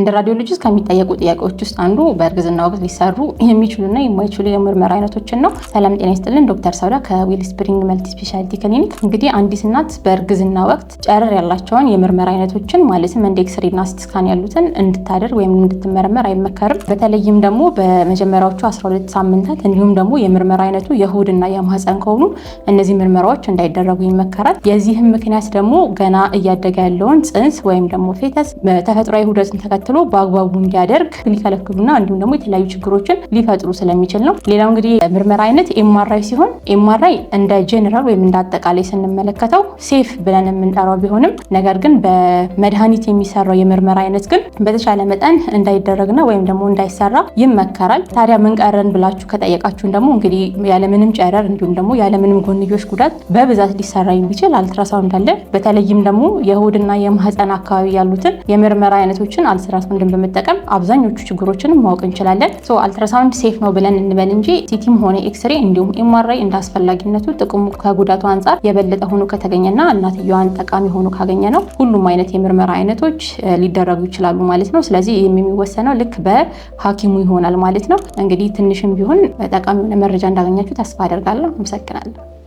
እንደ ራዲዮሎጂስት ከሚጠየቁ ጥያቄዎች ውስጥ አንዱ በእርግዝና ወቅት ሊሰሩ የሚችሉና የማይችሉ የምርመራ አይነቶችን ነው። ሰላም ጤና ይስጥልን። ዶክተር ሰውዳ ከዊል ስፕሪንግ መልቲ ስፔሻሊቲ ክሊኒክ። እንግዲህ አንዲት እናት በእርግዝና ወቅት ጨረር ያላቸውን የምርመራ አይነቶችን ማለትም እንደ ኤክስሬና ሲቲስካን ያሉትን እንድታደርግ ወይም እንድትመረመር አይመከርም። በተለይም ደግሞ በመጀመሪያዎቹ 12 ሳምንታት እንዲሁም ደግሞ የምርመራ አይነቱ የሆድና የማህፀን ከሆኑ እነዚህ ምርመራዎች እንዳይደረጉ ይመከራል። የዚህም ምክንያት ደግሞ ገና እያደገ ያለውን ጽንስ ወይም ደግሞ ፌተስ ተፈጥሯዊ ሁደትን ተከትሎ ተከታትሎ በአግባቡ እንዲያደርግ ሊከለክሉና እንዲሁም ደግሞ የተለያዩ ችግሮችን ሊፈጥሩ ስለሚችል ነው። ሌላው እንግዲህ ምርመራ አይነት ኤምአርአይ ሲሆን ኤምአርአይ እንደ ጀነራል ወይም እንደ አጠቃላይ ስንመለከተው ሴፍ ብለን የምንጠራው ቢሆንም ነገር ግን በመድኃኒት የሚሰራው የምርመራ አይነት ግን በተቻለ መጠን እንዳይደረግና ወይም ደግሞ እንዳይሰራ ይመከራል። ታዲያ ምን ቀረን ብላችሁ ከጠየቃችሁን ደግሞ እንግዲህ ያለምንም ጨረር እንዲሁም ደግሞ ያለምንም ጎንዮሽ ጉዳት በብዛት ሊሰራ የሚችል አልትራሳውንድ አለ። በተለይም ደግሞ የሆድና የማህፀን አካባቢ ያሉትን የምርመራ አይነቶችን አልትራ አልትራሳውንድን በመጠቀም አብዛኞቹ ችግሮችንም ማወቅ እንችላለን። አልትራሳውንድ ሴፍ ነው ብለን እንበል እንጂ ሲቲም ሆነ ኤክስሬ እንዲሁም ኤምአርአይ እንደ አስፈላጊነቱ ጥቅሙ ከጉዳቱ አንጻር የበለጠ ሆኖ ከተገኘና እናትየዋን ጠቃሚ ሆኖ ካገኘ ነው ሁሉም አይነት የምርመራ አይነቶች ሊደረጉ ይችላሉ ማለት ነው። ስለዚህ ይህም የሚወሰነው ልክ በሐኪሙ ይሆናል ማለት ነው። እንግዲህ ትንሽም ቢሆን ጠቃሚ የሆነ መረጃ እንዳገኛችሁ ተስፋ አደርጋለሁ። አመሰግናለሁ።